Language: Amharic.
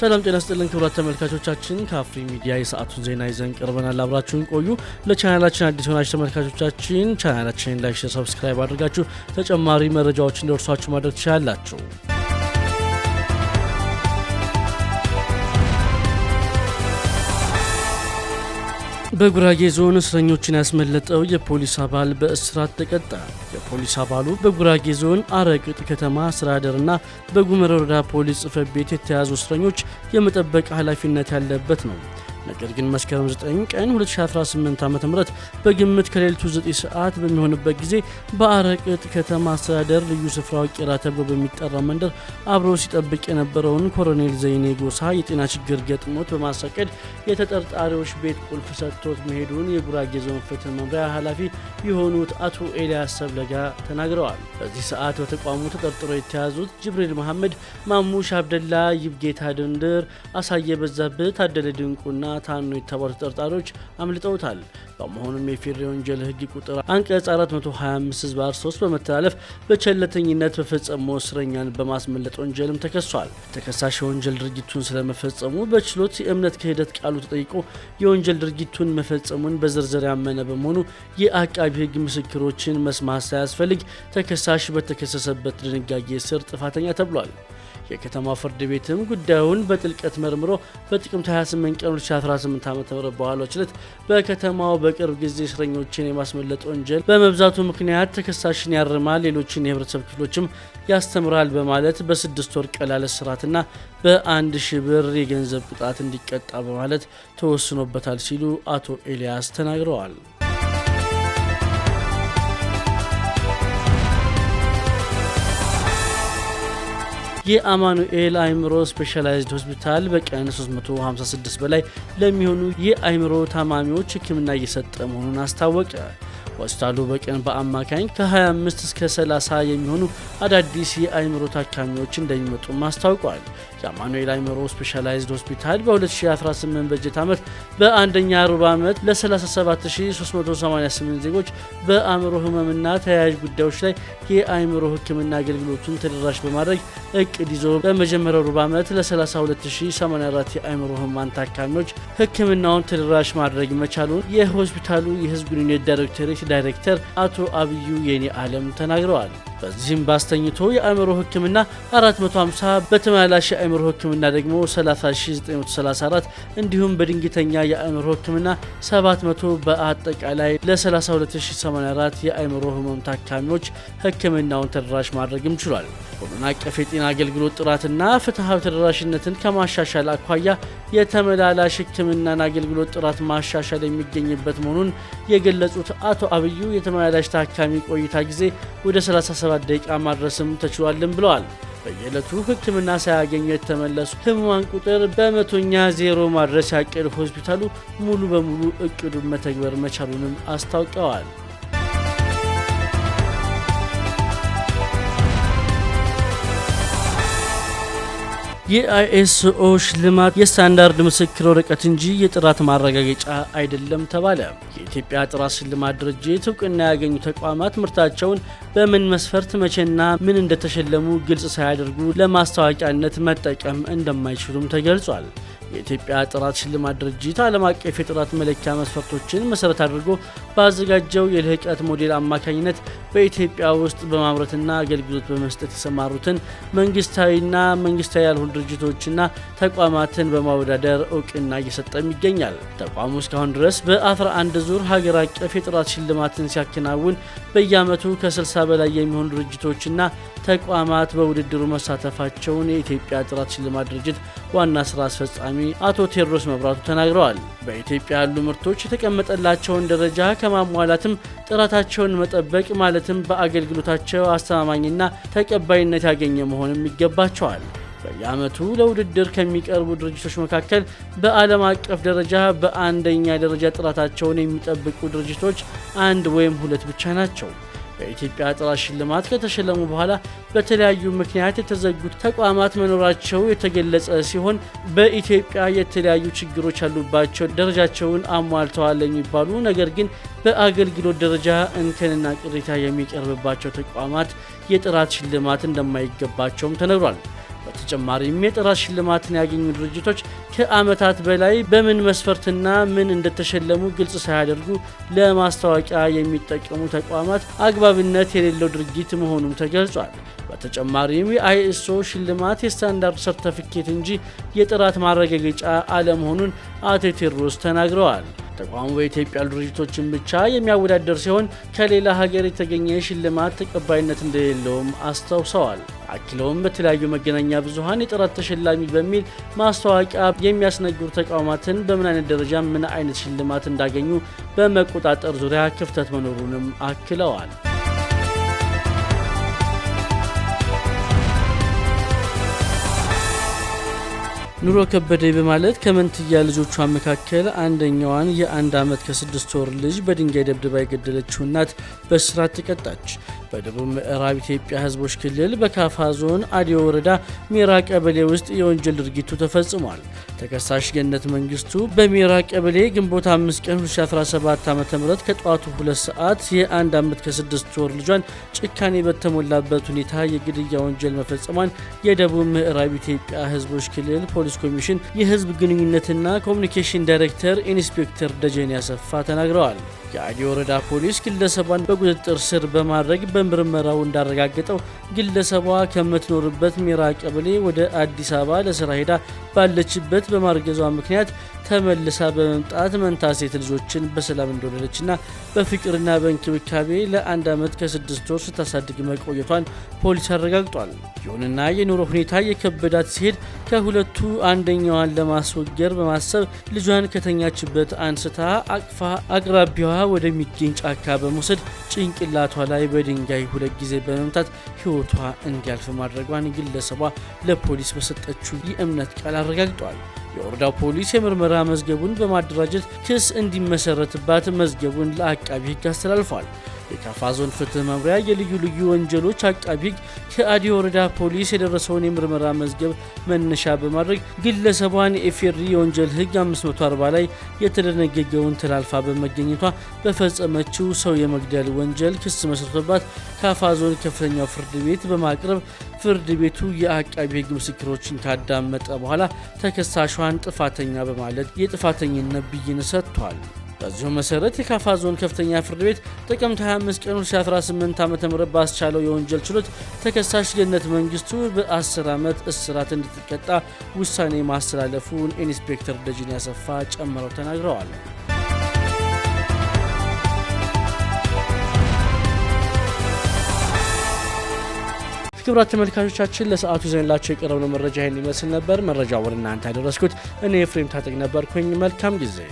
ሰላም ጤና ስጥልን ክብራት ተመልካቾቻችን፣ ከአፍሪ ሚዲያ የሰዓቱን ዜና ይዘን ቀርበናል። አብራችሁን ቆዩ። ለቻናላችን አዲስ የሆናችሁ ተመልካቾቻችን ቻናላችንን ላይክ፣ ሰብስክራይብ አድርጋችሁ ተጨማሪ መረጃዎች እንዲደርሷችሁ ማድረግ ትችላላችሁ። በጉራጌ ዞን እስረኞችን ያስመለጠው የፖሊስ አባል በእስራት ተቀጣ። የፖሊስ አባሉ በጉራጌ ዞን አረቅጥ ከተማ አስተዳደርና በጉመር ወረዳ ፖሊስ ጽፈት ቤት የተያዙ እስረኞች የመጠበቅ ኃላፊነት ያለበት ነው። ነገር ግን መስከረም 9 ቀን 2018 ዓ ም በግምት ከሌሊቱ 9 ሰዓት በሚሆንበት ጊዜ በአረቅጥ ከተማ አስተዳደር ልዩ ስፍራው ቄራ ተብሎ በሚጠራ መንደር አብሮ ሲጠብቅ የነበረውን ኮሎኔል ዘይኔ ጎሳ የጤና ችግር ገጥሞት በማሳቀድ የተጠርጣሪዎች ቤት ቁልፍ ሰጥቶት መሄዱን የጉራጌ ዞን ፍትህ መምሪያ ኃላፊ የሆኑት አቶ ኤልያስ ሰብለጋ ተናግረዋል። በዚህ ሰዓት በተቋሙ ተጠርጥሮ የተያዙት ጅብሪል መሐመድ፣ ማሙሽ አብደላ፣ ይብጌታ ድንድር፣ አሳየ በዛብህ፣ ታደለ ድንቁና ነው የተባሉ ተጠርጣሪዎች አምልጠውታል። በመሆኑም የፌዴራል የወንጀል ህግ ቁጥር አንቀጽ 425 ህዝባር 3 በመተላለፍ በቸለተኝነት በፈጸሙ እስረኛን በማስመለጥ ወንጀልም ተከሷል። ተከሳሽ የወንጀል ድርጊቱን ስለመፈጸሙ በችሎት የእምነት ክህደት ቃሉ ተጠይቆ የወንጀል ድርጊቱን መፈጸሙን በዝርዝር ያመነ በመሆኑ የአቃቢ ህግ ምስክሮችን መስማት ሳያስፈልግ ተከሳሽ በተከሰሰበት ድንጋጌ ስር ጥፋተኛ ተብሏል። የከተማ ፍርድ ቤትም ጉዳዩን በጥልቀት መርምሮ በጥቅምት 28 ቀን 2018 ዓ ም በኋላ ችለት በከተማው በቅርብ ጊዜ እስረኞችን የማስመለጥ ወንጀል በመብዛቱ ምክንያት ተከሳሽን ያርማል፣ ሌሎችን የህብረተሰብ ክፍሎችም ያስተምራል በማለት በስድስት ወር ቀላል እስራትና በአንድ ሺህ ብር የገንዘብ ቅጣት እንዲቀጣ በማለት ተወስኖበታል ሲሉ አቶ ኤልያስ ተናግረዋል። የአማኑኤል አእምሮ ስፔሻላይዝድ ሆስፒታል በቀን 356 በላይ ለሚሆኑ የአእምሮ ታማሚዎች ሕክምና እየሰጠ መሆኑን አስታወቀ። ሆስፒታሉ በቀን በአማካኝ ከ25 እስከ 30 የሚሆኑ አዳዲስ የአእምሮ ታካሚዎች እንደሚመጡም አስታውቋል። የአማኑኤል አይምሮ ስፔሻላይዝድ ሆስፒታል በ2018 በጀት ዓመት በአንደኛ ሩብ ዓመት ለ37388 ዜጎች በአእምሮ ህመምና ተያያዥ ጉዳዮች ላይ የአእምሮ ህክምና አገልግሎቱን ተደራሽ በማድረግ እቅድ ይዞ በመጀመሪያው ሩብ ዓመት ለ32084 የአይምሮ ህማን ታካሚዎች ህክምናውን ተደራሽ ማድረግ መቻሉን የሆስፒታሉ የህዝብ ግንኙነት ዳይሬክቶሬት ዳይሬክተር አቶ አብዩ የኔ አለም ተናግረዋል። በዚህም ባስተኝቶ የአእምሮ ህክምና 450 በተመላሽ የአእምሮ ህክምና ደግሞ 30934 እንዲሁም በድንገተኛ የአእምሮ ህክምና 700 በአጠቃላይ ለ32084 የአእምሮ ህመም ታካሚዎች ህክምናውን ተደራሽ ማድረግም ችሏል። ሁሉን አቀፍ የጤና አገልግሎት ጥራትና ፍትሐዊ ተደራሽነትን ከማሻሻል አኳያ የተመላላሽ ህክምናን አገልግሎት ጥራት ማሻሻል የሚገኝበት መሆኑን የገለጹት አቶ አብዩ የተመላላሽ ታካሚ ቆይታ ጊዜ ወደ 37 ደቂቃ ማድረስም ተችሏልም ብለዋል። በየዕለቱ ሕክምና ሳያገኙ የተመለሱ ህሙማን ቁጥር በመቶኛ ዜሮ ማድረስ ያቀድ ሆስፒታሉ ሙሉ በሙሉ እቅዱን መተግበር መቻሉንም አስታውቀዋል። የአይኤስኦ ሽልማት የስታንዳርድ ምስክር ወረቀት እንጂ የጥራት ማረጋገጫ አይደለም ተባለ። የኢትዮጵያ ጥራት ሽልማት ድርጅት እውቅና ያገኙ ተቋማት ምርታቸውን በምን መስፈርት መቼና ምን እንደተሸለሙ ግልጽ ሳያደርጉ ለማስታወቂያነት መጠቀም እንደማይችሉም ተገልጿል። የኢትዮጵያ ጥራት ሽልማት ድርጅት ዓለም አቀፍ የጥራት መለኪያ መስፈርቶችን መሰረት አድርጎ ባዘጋጀው የልህቀት ሞዴል አማካኝነት በኢትዮጵያ ውስጥ በማምረትና አገልግሎት በመስጠት የሰማሩትን መንግስታዊና መንግስታዊ ያልሆኑ ድርጅቶችና ተቋማትን በማወዳደር እውቅና እየሰጠም ይገኛል። ተቋሙ እስካሁን ድረስ በ11 ዙር ሀገር አቀፍ የጥራት ሽልማትን ሲያከናውን በየዓመቱ ከ60 በላይ የሚሆኑ ድርጅቶችና ተቋማት በውድድሩ መሳተፋቸውን የኢትዮጵያ ጥራት ሽልማት ድርጅት ዋና ስራ አስፈጻሚ ተጠቃሚ አቶ ቴዎድሮስ መብራቱ ተናግረዋል። በኢትዮጵያ ያሉ ምርቶች የተቀመጠላቸውን ደረጃ ከማሟላትም ጥራታቸውን መጠበቅ ማለትም በአገልግሎታቸው አስተማማኝና ተቀባይነት ያገኘ መሆንም ይገባቸዋል። በየዓመቱ ለውድድር ከሚቀርቡ ድርጅቶች መካከል በዓለም አቀፍ ደረጃ በአንደኛ ደረጃ ጥራታቸውን የሚጠብቁ ድርጅቶች አንድ ወይም ሁለት ብቻ ናቸው። በኢትዮጵያ ጥራት ሽልማት ከተሸለሙ በኋላ በተለያዩ ምክንያት የተዘጉት ተቋማት መኖራቸው የተገለጸ ሲሆን በኢትዮጵያ የተለያዩ ችግሮች ያሉባቸው ደረጃቸውን አሟልተዋል የሚባሉ ነገር ግን በአገልግሎት ደረጃ እንከንና ቅሬታ የሚቀርብባቸው ተቋማት የጥራት ሽልማት እንደማይገባቸውም ተነግሯል። በተጨማሪም የጥራት ሽልማትን ያገኙ ድርጅቶች ከዓመታት በላይ በምን መስፈርትና ምን እንደተሸለሙ ግልጽ ሳያደርጉ ለማስታወቂያ የሚጠቀሙ ተቋማት አግባብነት የሌለው ድርጊት መሆኑም ተገልጿል። በተጨማሪም የአይኤስኦ ሽልማት የስታንዳርድ ሰርተፊኬት እንጂ የጥራት ማረጋገጫ አለመሆኑን አቶ ቴዎድሮስ ተናግረዋል። ተቋሙ በኢትዮጵያ ድርጅቶችን ብቻ የሚያወዳደር ሲሆን ከሌላ ሀገር የተገኘ ሽልማት ተቀባይነት እንደሌለውም አስታውሰዋል። አክለውም በተለያዩ መገናኛ ብዙኃን የጥራት ተሸላሚ በሚል ማስታወቂያ የሚያስነግሩ ተቋማትን በምን አይነት ደረጃ ምን አይነት ሽልማት እንዳገኙ በመቆጣጠር ዙሪያ ክፍተት መኖሩንም አክለዋል። ኑሮ ከበደኝ በማለት ከመንትያ ልጆቿ መካከል አንደኛዋን የአንድ ዓመት ከስድስት ወር ልጅ በድንጋይ ደብድባ የገደለችው እናት በእስራት ተቀጣች። በደቡብ ምዕራብ ኢትዮጵያ ህዝቦች ክልል በካፋ ዞን አዲዮ ወረዳ ሜራ ቀበሌ ውስጥ የወንጀል ድርጊቱ ተፈጽሟል። ተከሳሽ ገነት መንግስቱ በሜራ ቀበሌ ግንቦት 5 ቀን 2017 ዓ ም ከጠዋቱ 2 ሰዓት የአንድ ዓመት ከ6 ወር ልጇን ጭካኔ በተሞላበት ሁኔታ የግድያ ወንጀል መፈጸሟን የደቡብ ምዕራብ ኢትዮጵያ ህዝቦች ክልል ፖሊስ ኮሚሽን የህዝብ ግንኙነትና ኮሚኒኬሽን ዳይሬክተር ኢንስፔክተር ደጀን ያሰፋ ተናግረዋል። የአዲ ወረዳ ፖሊስ ግለሰቧን በቁጥጥር ስር በማድረግ በምርመራው እንዳረጋገጠው ግለሰቧ ከምትኖርበት ሜራ ቀበሌ ወደ አዲስ አበባ ለስራ ሄዳ ባለችበት በማርገዟ ምክንያት ተመልሳ በመምጣት መንታ ሴት ልጆችን በሰላም እንደወለደችና በፍቅርና በእንክብካቤ ለአንድ ዓመት ከስድስት ወር ስታሳድግ መቆየቷን ፖሊስ አረጋግጧል። ይሁንና የኑሮ ሁኔታ የከበዳት ሲሄድ ከሁለቱ አንደኛዋን ለማስወገር በማሰብ ልጇን ከተኛችበት አንስታ አቅፋ አቅራቢያዋ ወደሚገኝ ጫካ በመውሰድ ጭንቅላቷ ላይ በድንጋይ ሁለት ጊዜ በመምታት ሕይወቷ እንዲያልፍ ማድረጓን ግለሰቧ ለፖሊስ በሰጠችው የእምነት ቃል አረጋግጧል። የወረዳው ፖሊስ የምርመራ መዝገቡን በማደራጀት ክስ እንዲመሰረትባት መዝገቡን ለአቃቢ ሕግ አስተላልፏል። የካፋ ዞን ፍትህ መምሪያ የልዩ ልዩ ወንጀሎች አቃቢ ህግ ከአዲ ወረዳ ፖሊስ የደረሰውን የምርመራ መዝገብ መነሻ በማድረግ ግለሰቧን ኤፌሪ የወንጀል ህግ 540 ላይ የተደነገገውን ተላልፋ በመገኘቷ በፈጸመችው ሰው የመግደል ወንጀል ክስ መስርቶባት ካፋ ዞን ከፍተኛው ፍርድ ቤት በማቅረብ ፍርድ ቤቱ የአቃቢ ህግ ምስክሮችን ካዳመጠ በኋላ ተከሳሿን ጥፋተኛ በማለት የጥፋተኝነት ብይን ሰጥቷል። በዚሁ መሰረት የካፋ ዞን ከፍተኛ ፍርድ ቤት ጥቅምት 25 ቀን 2018 ዓ ም ባስቻለው የወንጀል ችሎት ተከሳሽ ገነት መንግስቱ በ10 ዓመት እስራት እንድትቀጣ ውሳኔ ማስተላለፉን ኢንስፔክተር ደጅን ያሰፋ ጨምረው ተናግረዋል። ክብራት ተመልካቾቻችን ለሰዓቱ ዘንላቸው የቀረብነው መረጃ ይህን ይመስል ነበር። መረጃውን እናንተ ያደረስኩት እኔ የፍሬም ታጠቅ ነበርኩኝ። መልካም ጊዜ